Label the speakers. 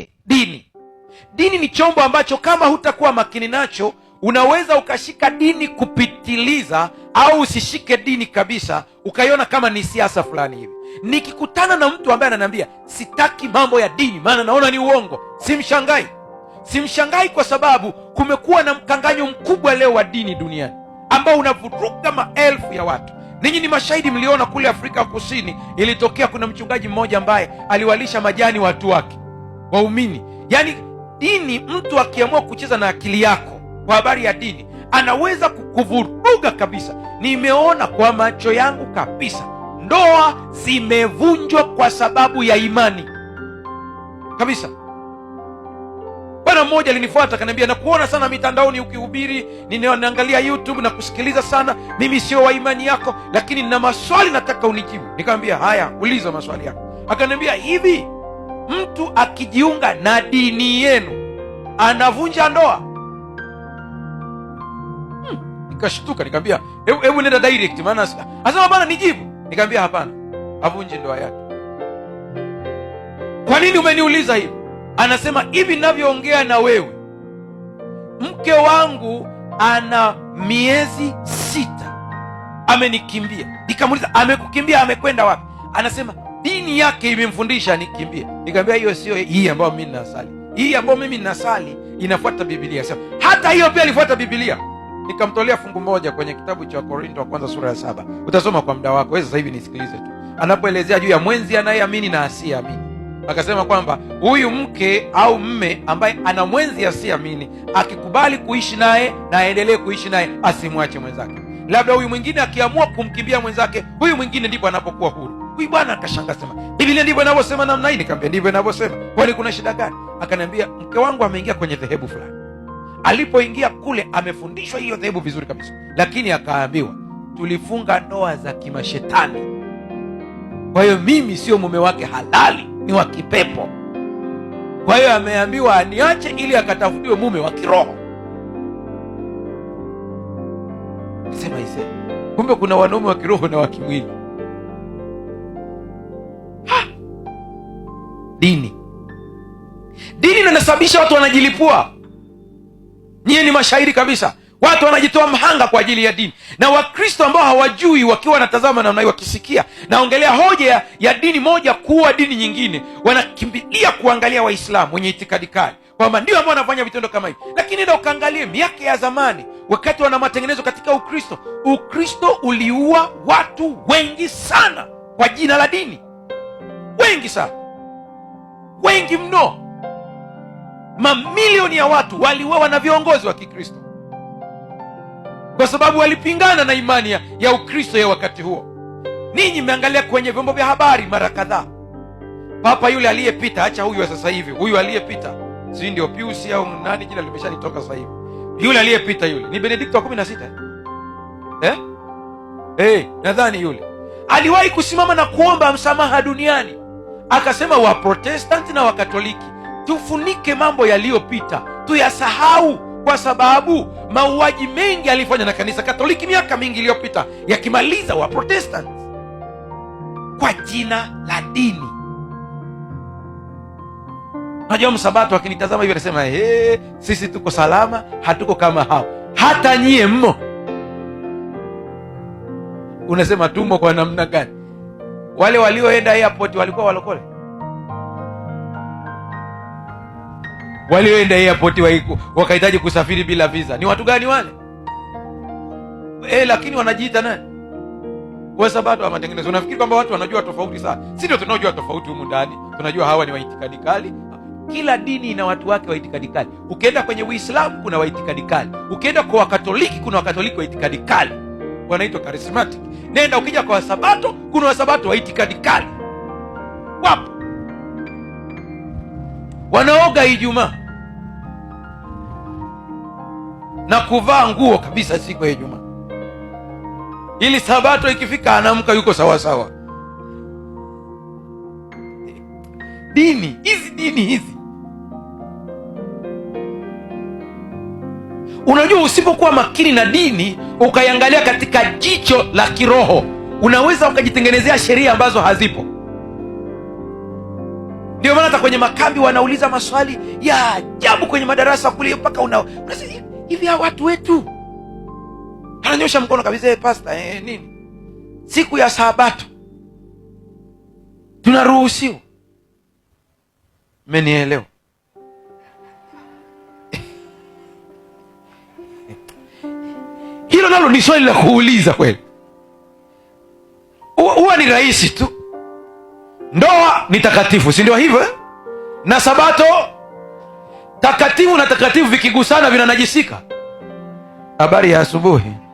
Speaker 1: yake dini. Dini ni chombo ambacho kama hutakuwa makini nacho unaweza ukashika dini kupitiliza, au usishike dini kabisa, ukaiona kama ni siasa fulani hivi. Nikikutana na mtu ambaye ananiambia sitaki mambo ya dini, maana naona ni uongo, simshangai. Simshangai kwa sababu kumekuwa na mkanganyo mkubwa leo wa dini duniani ambao unavuruga maelfu ya watu. Ninyi ni mashahidi, mliona kule Afrika Kusini ilitokea, kuna mchungaji mmoja ambaye aliwalisha majani watu wake waumini. Yaani dini, mtu akiamua kucheza na akili yako kwa habari ya dini anaweza kukuvuruga kabisa. Nimeona kwa macho yangu kabisa ndoa zimevunjwa kwa sababu ya imani kabisa. Bwana mmoja alinifuata akaniambia, nakuona sana mitandaoni ukihubiri, ninaangalia YouTube na kusikiliza sana. Mimi sio wa imani yako, lakini nina maswali nataka unijibu. Nikamwambia haya, uliza maswali yako. Akaniambia hivi mtu akijiunga na dini yenu anavunja ndoa? Hmm, nikashtuka nikamwambia, hebu nenda direct, maana asema bana nijibu. Nikamwambia hapana, avunje ndoa yake. Kwa nini umeniuliza hivi? Anasema hivi ninavyoongea na wewe, mke wangu ana miezi sita amenikimbia. Nikamuuliza, amekukimbia amekwenda wapi? Anasema dini yake imemfundisha nikimbie. nikaambia hiyo sio hii ambayo mimi ninasali, hii ambayo mimi ninasali inafuata Biblia. sema hata hiyo pia ilifuata Biblia. Nikamtolea fungu moja kwenye kitabu cha Korinto wa kwanza sura ya saba. Utasoma kwa muda wako, wewe sasa hivi nisikilize tu, anapoelezea juu ya mwenzi anayeamini na asiyeamini akasema kwamba huyu mke au mme ambaye ana mwenzi asiyeamini akikubali kuishi naye na aendelee kuishi naye, asimwache mwenzake. Labda huyu mwingine akiamua kumkimbia mwenzake, huyu mwingine ndipo anapokuwa huru. Huyu bwana akashanga sema, bibilia ndivyo inavyosema namna hii? Nikamwambia ndivyo inavyosema. Kwani kuna shida gani? Akaniambia mke wangu ameingia kwenye dhehebu fulani. Alipoingia kule amefundishwa hiyo dhehebu vizuri kabisa, lakini akaambiwa tulifunga ndoa za kimashetani, kwa hiyo mimi sio mume wake halali, ni wa kipepo. Kwa hiyo ameambiwa aniache ili akatafutiwe mume wa kiroho. Sema ise, kumbe kuna wanaume wa kiroho na wa kimwili. dini. Dini inasababisha watu wanajilipua. nyiye ni mashahidi kabisa, watu wanajitoa mhanga kwa ajili ya dini, na Wakristo ambao hawajui wakiwa wanatazama namna hii, wakisikia naongelea hoja ya dini moja kuwa dini nyingine, wanakimbilia kuangalia Waislamu wenye itikadi kali kwamba ndio ambao wanafanya vitendo kama hivi, lakini ndo ukaangalie miaka ya zamani, wakati wana matengenezo katika Ukristo. Ukristo uliua watu wengi sana kwa jina la dini, wengi sana wengi mno, mamilioni ya watu waliuawa na viongozi wa Kikristo kwa sababu walipingana na imani ya Ukristo ya wakati huo. Ninyi mmeangalia kwenye vyombo vya habari mara kadhaa, papa yule aliyepita, acha huyu wa sasa hivi, huyu aliyepita, si ndio Piusi au nani, jina limeshanitoka sasa hivi. Yule aliyepita yule ni Benedikto wa kumi na sita eh? Eh, nadhani yule aliwahi kusimama na kuomba msamaha duniani akasema Waprotestanti na Wakatoliki tufunike mambo yaliyopita, tuyasahau, kwa sababu mauaji mengi alifanya na kanisa Katoliki miaka mingi iliyopita, yakimaliza Waprotestanti kwa jina la dini. Najua Msabato akinitazama hivi anasema hey, sisi tuko salama, hatuko kama hao. Hata nyie mmo. Unasema tumo kwa namna gani? Wale walioenda airport walikuwa walokole? Walioenda airport wakahitaji kusafiri bila visa ni watu gani wale? E, lakini wanajiita naye Wasabato wa matengenezo. Unafikiri kwamba watu wanajua tofauti sana? Si ndio tunaojua tofauti humu ndani, tunajua hawa ni waitikadi kali. Kila dini ina watu wake wa kali. Ukienda kwenye Uislamu kuna waitikadi kali, ukienda kwa Wakatoliki kuna Wakatoliki wa kali wanaitwa charismatic. Nenda ukija kwa Wasabato, kuna Wasabato wa itikadi kali wapo, wanaoga Ijumaa na kuvaa nguo kabisa siku ya Ijumaa, ili Sabato ikifika anaamka yuko sawasawa. Dini hizi dini hizi Unajua, usipokuwa makini na dini ukaiangalia katika jicho la kiroho, unaweza ukajitengenezea sheria ambazo hazipo. Ndio maana hata kwenye makambi wanauliza maswali ya ajabu kwenye madarasa kule, mpaka una hivi hawa watu wetu, ananyosha mkono kabisa, eh, pasta eh, eh, nini, siku ya Sabato tunaruhusiwa? menielewa nalo ni swali la kuuliza kweli. Huwa ni rahisi tu, ndoa ni takatifu, si ndio hivyo? Eh? Na sabato takatifu na takatifu vikigusana vinanajisika. Habari ya asubuhi.